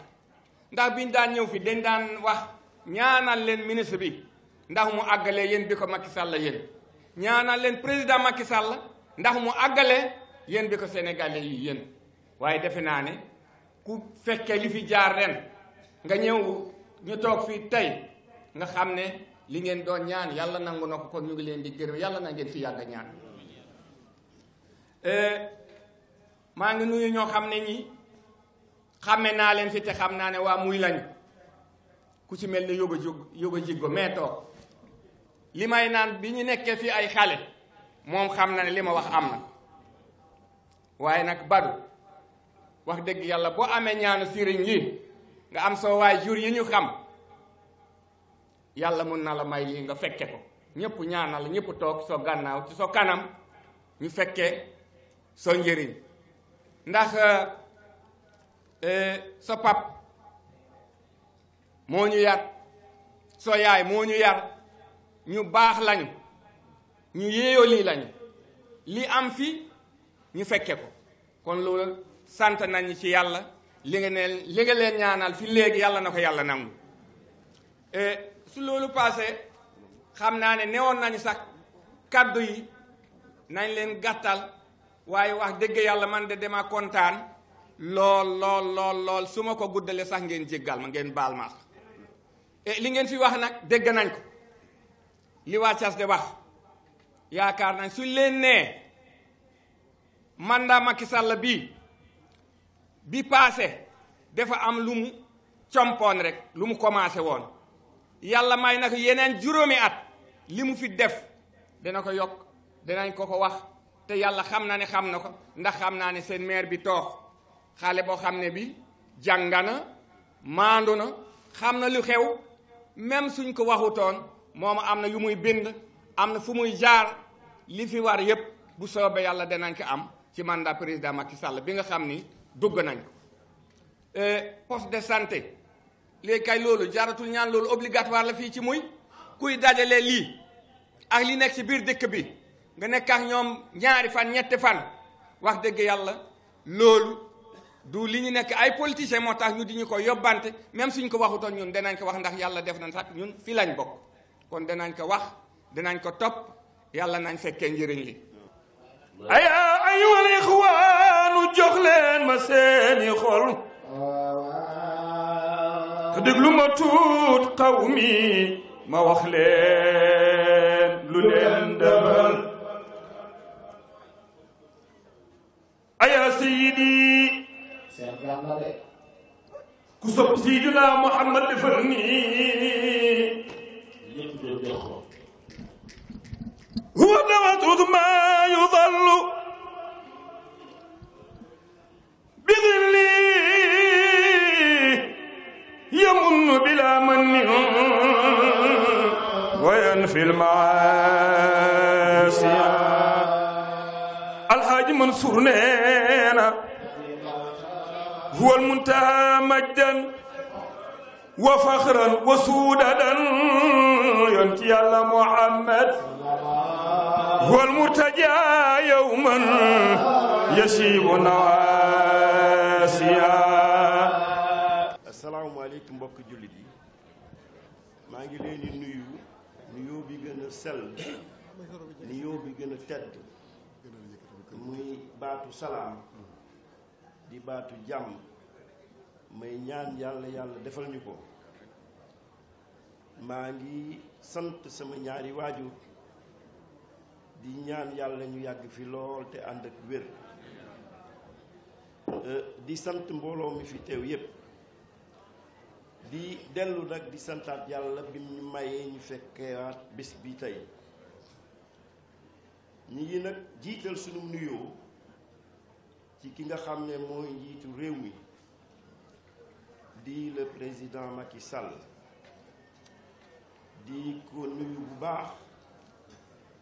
ndax biñ daan ñëw fi dañ daan wax ñaanal leen ministre bi ndax mu àggalee yéen bi ko Macky Sall yéen ñaanal leen président Macky Sall ndax mu àggalee yéen bi ko sénégalais yi yéen waaye defe naa ne ku fekkee li fi jaar ren nga ñëw ñu toog fii tey nga xam ne li ngeen doon ñaan yàlla nangu na ko kon ñu ngi leen di gërëm yàlla na ngeen fi yàgg ñaan euh, maa ngi nuyu ñoo xam ne ñi xàmme naa leen fi te xam naa ne waa muy lañu ku ci mel ni yóbba jóg yóbba jiggo mais toog li may naan bi ñu nekkee fi ay xale moom xam na ne li ma wax am na waaye nag badu wax dëgg yàlla boo amee ñaanu sëriñ yi nga am soo waay jur yi ñu xam yàlla mun na la may lii nga fekke ko ñëpp ñaanal ñëpp toog soo gànnaaw ci soo kanam ñu fekkee soo njëriñ ndax eh, eh, sa pap moo ñu yar soo yaay moo ñu yar ñu baax lañu ñu yéeyoo lii lañu li am fi ñu fekke ko kon loolu sant nañu ci yàlla li nga ne li nga leen ñaanal fi léegi yàlla na ko yàlla nangu e, su loolu paase xam naa ne newoon nañu sax kàddu yi nañ leen gàttal waaye wax dëgg yàlla man de dama kontaan lool lool lool lool su ma ko guddalee sax ngeen jéggal ma ngeen baal ma e, li ngeen fi wax nag dégg nañ ko li waa Thiès wax yaakaar nañ su leen nee mandat Macky Sall bii bi paase dafa am lu mu compoon rek lu mu commencé woon yàlla may na ko yeneen juróomi at li mu fi def dina ko yokk dinañ ko ko wax te yàlla xam na ne xam na ko ndax xam naa ni seen maire bi toog xaale boo xam ne bi jàngana maandu na xam na lu xew même suñ ko waxutoon moom am na yu muy bind am na fu muy jaar li fi war yépp bu soobee yàlla danañ ko am ci mandat président Macky Sall bi nga xam ni dugg nañ ko euh, poste de santé léegi kay loolu jaaratul ñaan loolu obligatoire la fii ci muy kuy dajale lii ak li nekk ci biir dëkk bi nga nekk ak ñoom ñaari fan ñetti fan wax dëgg yàlla loolu du li ñu nekk ay politiciens moo tax ñu di ñu ko yóbbante même suñ ko waxutoon ñun danañ ko wax ndax yàlla def na sax ñun fii lañ bokk kon danañ ko wax danañ ko topp yàlla nañ fekkee njëriñ li ayaa ayyuhal ixwaanu jox leen ma seeni xol te déglu ma tuut xaw mi ma wax leen lu leen defal ayaa sayidi ku sopp sayidina Muhammad defal nii هو الوتد ما يضل بذلي يمن بلا من وينفي المعاصي الحاج منصور نينا هو المنتهى مجدا وفخرا وسودا ينتي الله محمد هو المرتجى يوما يشيب نواسيا asalaamaaleykum mbokk jullit yi maa ngi leen di nuyu nuyoo bi gën a sell nuyoo bi gën a tedd muy baatu salaam di baatu jàmm may ñaan yàlla yàlla defal ñu ko maa ngi sant sama ñaari waajur di ñaan yàlla ñu yàgg fi lool te ànd ak wér euh, di sant mbooloo mi fi teew yépp di dellu nag di santaat yàlla bi ñu mayee ñu fekkewaat bés bi tey ñi ngi nag jiital sunu nuyoo ci ki nga xam ne mooy njiitu réew mi di le président Macky Sall di ko nuyu bu baax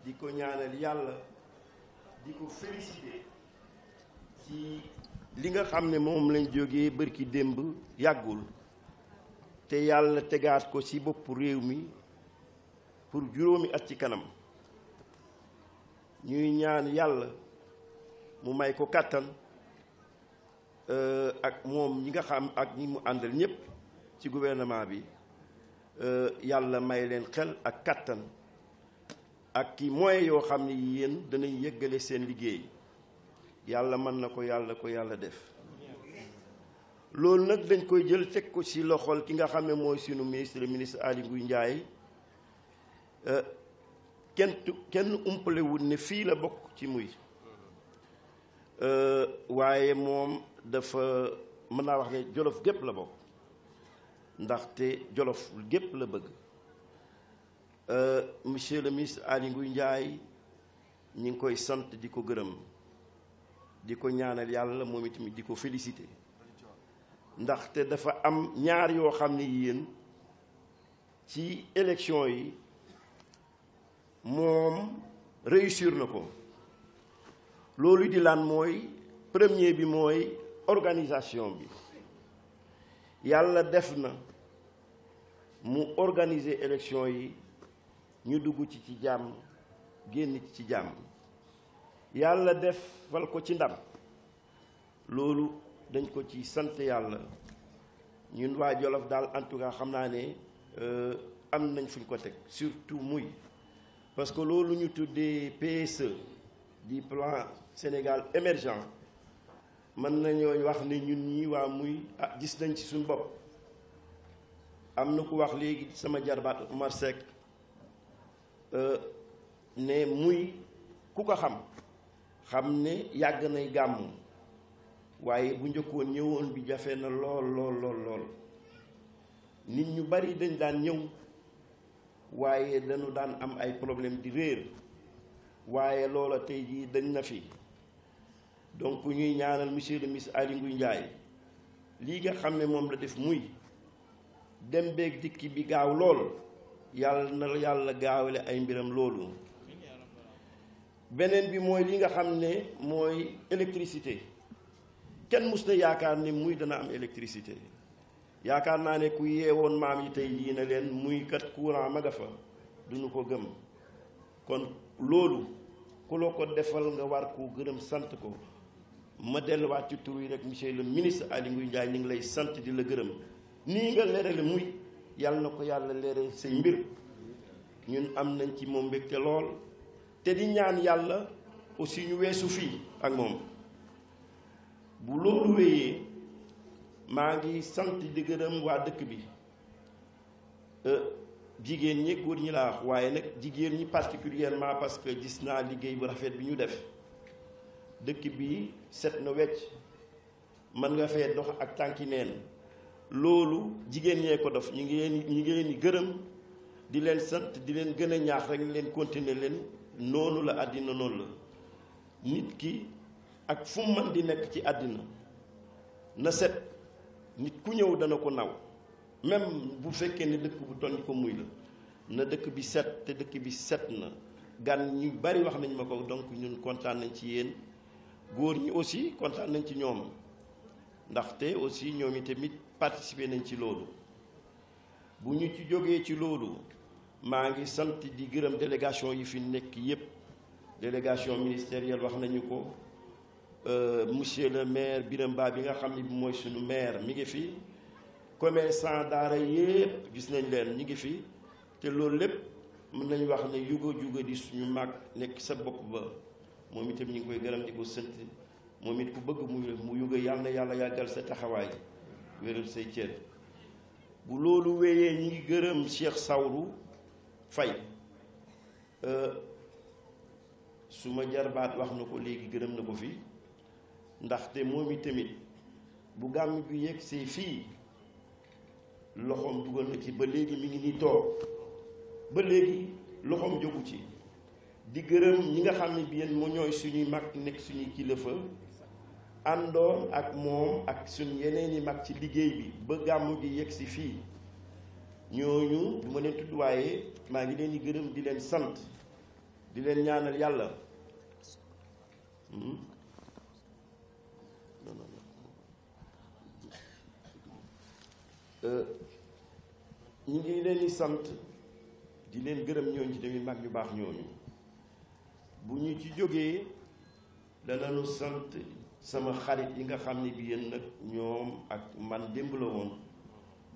di ko ñaanal yàlla di ko féliciter ci li nga xam ne moom lañ jóge bërki démb yàggul te yàlla tegaat ko ci boppu réew mi pour juróomi at ci kanam ñuy ñaan yàlla mu may ko kàttan euh, ak moom ñi nga xam ak ñi mu àndal ñépp ci gouvernement bi euh, yàlla may leen xel ak kàttan ak ki moyens yoo xam ne yéen danañ yëggale seen liggéey yàlla mën na ko yàlla ko yàlla def loolu nag dañ koy jël teg ko si loxol ki nga xam ne mooy sunu ministre ministre Aly Ngouille Ndiaye euh, kenn umpalewul ne fii la bokk ci muy euh, waaye moom dafa mën naa wax ne jolof gépp la bokk ndaxte jolof gépp la bëgg Euh, monsieur le ministre Aly Ngouille njaay ñi ngi koy sant di ko gërëm di ko ñaanal yàlla moom itamit di ko félicité ndaxte dafa am ñaar yoo xam ne yéen ci élection yi moom réussir na ko loolu di laan mooy premier bi mooy organisation bi yàlla def na mu organise élection yi ñu dugg ci ci jàmm génn ci ci jàmm yàlla defal ko ci ndam loolu dañ ko ci sant yàlla ñun waa Jolof daal en tout xam naa ne euh, am nañ fuñ ko teg surtout muy parce que loolu ñu tuddee PSE di plan Sénégal émergent mën nañoo wax ni ñun ñi waa muy ah gis nañ ci suñu bopp am na ku wax léegi sama jarbaat Omar Seck Euh, ne muy ku ko xam xam ne yàgg nay gàmmu waaye bu njëkkoon ñëwoon bi jafe na lool lool lool nit ñu bari dañ daan ñëw waaye dañu daan am ay problème di réer waaye loola tey jii dañ na fi donc ñuy ñaanal monsieur le miss Aly Ngouille Ndiaye lii nga xam ne moom la def muy dem beeg dikki bi gaaw lool yàlla na la yàlla gaawale ay mbiram loolu beneen bi mooy li nga xam ne mooy électricité kenn mus na yaakaar ni muy dana am électricité yaakaar naa ne ku yeewoon maam yi tey lii na leen muy kat courant ma nga fa duñu ko gëm kon loolu ku la ko defal nga war koo gërëm sant ko ma delluwaat ci tur yi rek monsieur le ministre Aly Ngouille Ndiaye ñu ngi lay sant di la gërëm nii nga lerale muy yàlla na ko yàlla leere say mbir ñun am nañ ci moom mbégte lool te di ñaan yàlla aussi ñu weesu fii ak moom bu loolu wéyee maa ngi sant di gërëm waa dëkk bi euh, jigéen ñi góor ñi laa waaye nag jigéen ñi particulièrement parce que gis naa liggéey bu rafet bi ñu def dëkk bi set na wecc mën nga fee dox ak tànki neen loolu jigéen ñee ko def ñu ngi leen ñu ngi leen gërëm di leen sant di leen gën a ñaax rek leen continuer leen noonu la àddina noonu la nit ki ak fu mu di nekk ci àddina na set nit ku ñëw dana ko naw même bu fekkee ne dëkk bu toll ko muy la na dëkk bi set te dëkk bi set na gan ñu bari wax nañ ma ko donc ñun kontaan nañ ci yéen góor ñi aussi kontaan nañ ci ñoom ndaxte aussi ñoom i tamit participer nañ ci loolu bu ñu ci jógee ci loolu maa ngi sant di gërëm délégation yi fi nekk yépp délégation ministérielle wax nañu ko euh, monsieur le maire biram Ba bi nga xam ne bi mooy suñu maire mi ngi fi commerçant daara yépp gis nañ leen ñi ngi fi te loolu lépp mën nañu wax ne yuga juga di suñu mag nekk sa bopp ba moom itam ñu ngi koy gërëm di ko sant moom it ku bëgg mu mu yuga yàlla na yàlla yàggal sa taxawaay wéral say cër bu loolu wéyee ñi ngi gërëm Cheikh Sawru Faye euh, su ma jarbaat wax na ko léegi gërëm na ko fi ndaxte moom it tamit bu gàmm bi yegg see fii loxoom dugal na ci ba léegi mi ngi nii toog ba léegi loxoom jógu ci di gërëm ñi nga xam ne bi yéen moo ñooy suñuy mag nekk suñuy kilifa àndoon ak moom ak suñ yeneen yi mag ci liggéey bi ba gàmmu gi yegg si fii ñooñu du leen tudd maa ngi leen di gërëm di leen sant di leen ñaanal yàlla hmm? euh, ñu ngi leen di sant di leen gërëm ñooñu ci tamit mag ñu baax ñooñu bu ñu ci jógee danañu sant sama xarit yi nga xam ne bi yéen nag ñoom ak man démb la woon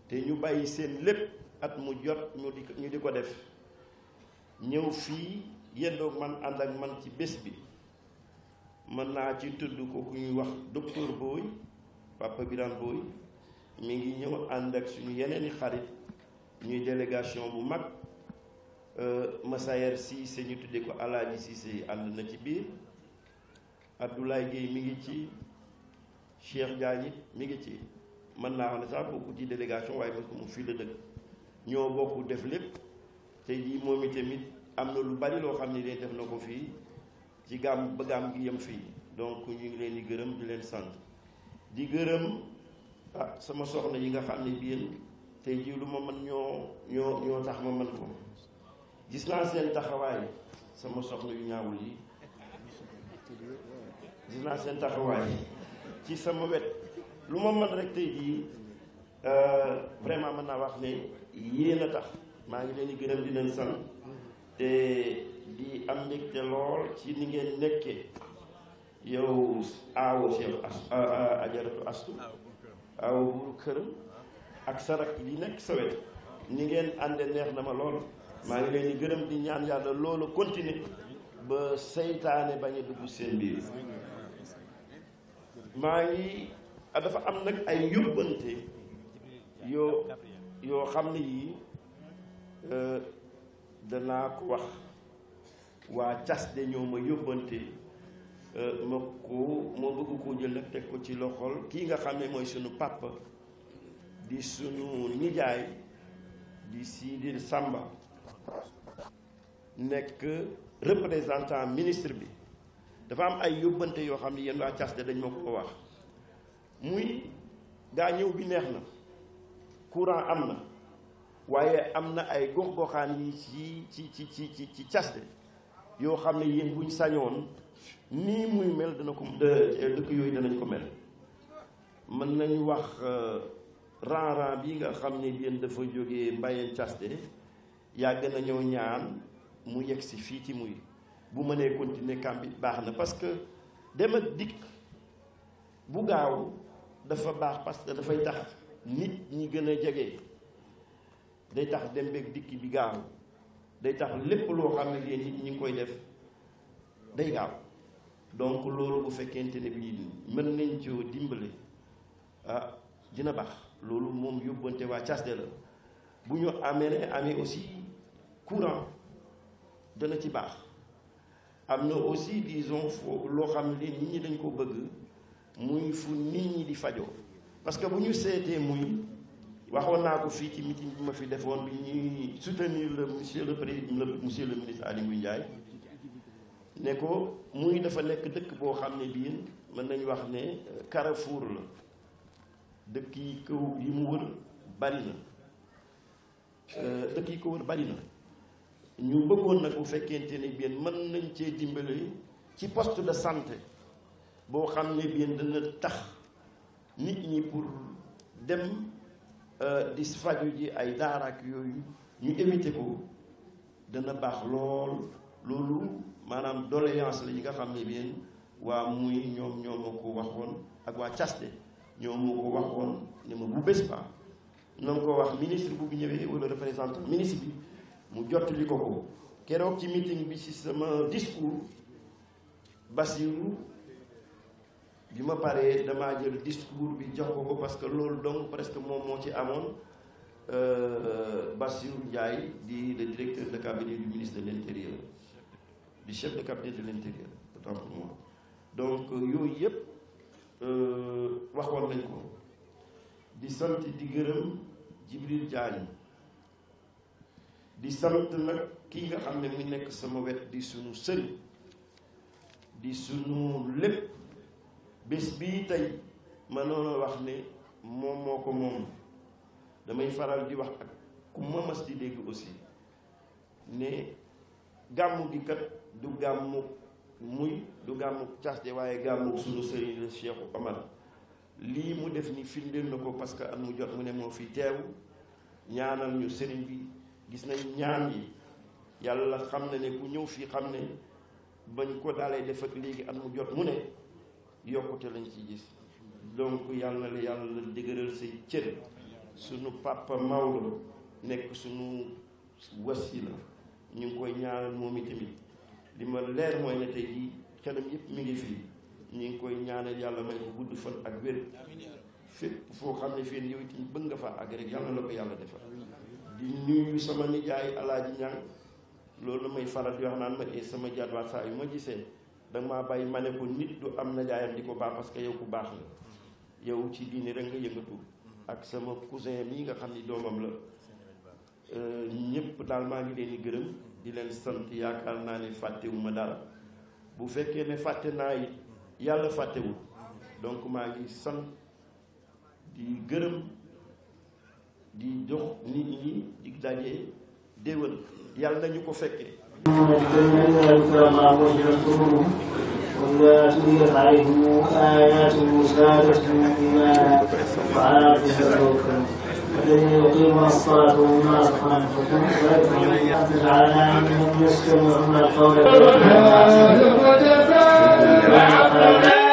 te ñu bàyyi seen lépp at mu jot ñu di ko def ñëw fii yendoog man ànd ak man ci bés bi mën naa ci tudd ko ku ñuy wax docteur Boy Papa Birane Boy mu ngi ñëw ànd ak suñu yeneeni xarit ñuy délégation bu mag euh, Massayer Cissé ñu tuddee ko Alaaji Cissé ànd na ci biir Abdoulaye Guèye mi ngi ci Cheikh Diagne mi ngi ci mën naa xam ne sax bokku ci délégation waaye parce que mu fii la dëkk ñoo bokk def lépp te jii moom itamit am na lu bari loo xam ne def na ko fii ci gàmm ba gàmm gi yem fii donc ñu ngi leen di gërëm di leen sant di gërëm ah sama soxna yi nga xam ne biir tey jii lu ma mën ñoo ñoo ñoo tax ma mën ko gis naa seen taxawaay sama soxna yu ñaawul yi dinaa seen taxawaay ci sama wet lu ma mën rek tey jii euh, vraiment mën naa wax ne yéen a tax maa ngi leen di gërëm di leen sant te di am mbégte lool ci ni ngeen nekkee yow aawo Cheikh as euh, euh, ajaratu astu aawo buru këram ak sarak yi nekk sa wet ni ngeen ànde neex na ma lool maa ngi leen di gërëm di ñaan yàlla loolu continuer ba seytaane bañ a dugg seen biir maa ngi ah, dafa am nag ay yóbbante yoo yoo xam ne yii euh, danaa ko wax waa cas de ñoo ma yóbbante euh, ma ko ma bëgg koo jël nag teg ko ci loxol kii nga xam ne mooy sunu papa di sunu nijaay di Sidil sàmba nekk représentant ministre bi dafa am ay yóbbante yoo xam ne yéen waa Thiès de dañ ma ko wax muy gaa ñëw bi neex na courant am na waaye am na ay gox goxaan yi ci ci ci ci ci yoo xam ne yéen buñ sañoon nii muy mel dana ko dëkk yooyu danañ ko mel mën nañu wax ran euh, ran bi nga xam ne yéen dafa jógee Mbayeen Thiès de yàgg na ñëw ñaan mu yegg si fii ci muy bu mënee continuer camp bi baax na parce que dem ak dikk bu gaaw dafa baax parce que dafay tax nit ñi gën a jege day tax dem beeg dikk bi gaaw day tax lépp loo xam ne nit ñi ngi def day gaaw donc loolu bu fekkente ne bii mën nañ ci dimbale ah dina baax loolu moom yóbbante waa CASD la bu ñu amee amee aussi courant dana ci baax. am na aussi disons foo loo xam ne nit ñi dañ ko bëgg muy fu nit ñi di fajoo parce que bu ñu seetee muy waxoon naa ko fii ci meeting bi ma fi defoon bi ñuy soutenir le monsieur le président monsieur le ministre Aly Ngouille Ndiaye ne ko muy dafa nekk dëkk boo xam ne bii mën nañu wax ne euh, carrefour la dëkk yi kaw yi mu wër bari na euh, dëkk yi ko wër bari na ñu bëggoon nag bu fekkente ne bien mën nañ cee dimbali ci poste de santé boo xam ne bien dana tax nit ñi pour dem euh, di faju ji ay daaraak yooyu ñu éviter ko dana baax lool loolu maanaam doléance la yi nga xam ne bien waa muy ñoom ñoo ma ko waxoon ak waa caste ñoo ma ko waxoon ne ma bu bés ba ñoo ko wax ministre bu ñëwee wala représentant ministre bi mu jottali ko ko keroog ci meeting bi ci sama discours Bassirou bi ma paree dama jël discours bi jox ko ko parce que loolu donc presque moom moo ci amoon euh, Bassirou Ndiaye di le directeur de cabinet du ministre de l'intérieur du chef de cabinet de l'intérieur autant pour moi donc euh, yooyu yëpp euh, waxoon nañ ko di sant di gërëm Djibril Diagne di sant nag kii nga xam ne mu nekk sama wet di sunu sëriñ di sunu lépp bés bii tey mënoon a wax ne moom moo ko moom damay faral di wax ak ku ma di dégg aussi ne gàmmu gi kat du gàmmu muy du gàmmu caste waaye gàmmu sunu sëriñ la Cheikhu Omar lii mu def ni firndeel na ko parce que at mu jot mu ne moo fi teewu ñaanal ñu sëriñ bi gis nañ ñaan yi yàlla xam na ne ku ñëw fii xam ne bañ koo daalee def ak léegi at mu jot mu ne yokkute lañ ci gis donc yàlla la yàlla dëgëral say cër sunu papa Maodo nekk sunu wasila ñu ngi koy ñaanal moom itamit li ma leer mooy ne tey jii xelam yëpp ngi fii ñu ngi koy ñaanal yàlla may ko gudd fan ak wér fépp foo xam ne fii yow itam bëgg nga fa àgg rek yàlla la ko yàlla defal di nuyu sama nijaay alaaji ñang loolu may faral di wax naan ma eh, sama jarbaat saa yu ma gisee danga maa bàyyi ma ne ko nit du am nijaayam di ko baax parce yow ku baax la yow ci diine rek nga yëngatu ak sama cousin mii nga xam ni doomam la euh, ñëpp daal maa ngi leen di gërëm di leen sant yaakaar naa ne fàttewuma dara bu fekkee ne fàtte naa it yàlla fàttewul donc maa ngi sant di gërëm di jox nit ñi dig daje déwén yàlla nañu ko fekkee واللاتي عليهم آياته زادتهن وعلى ربهم والذي يقيم الصلاة وما رزقناهم وجعلنا منهم يستمعون القول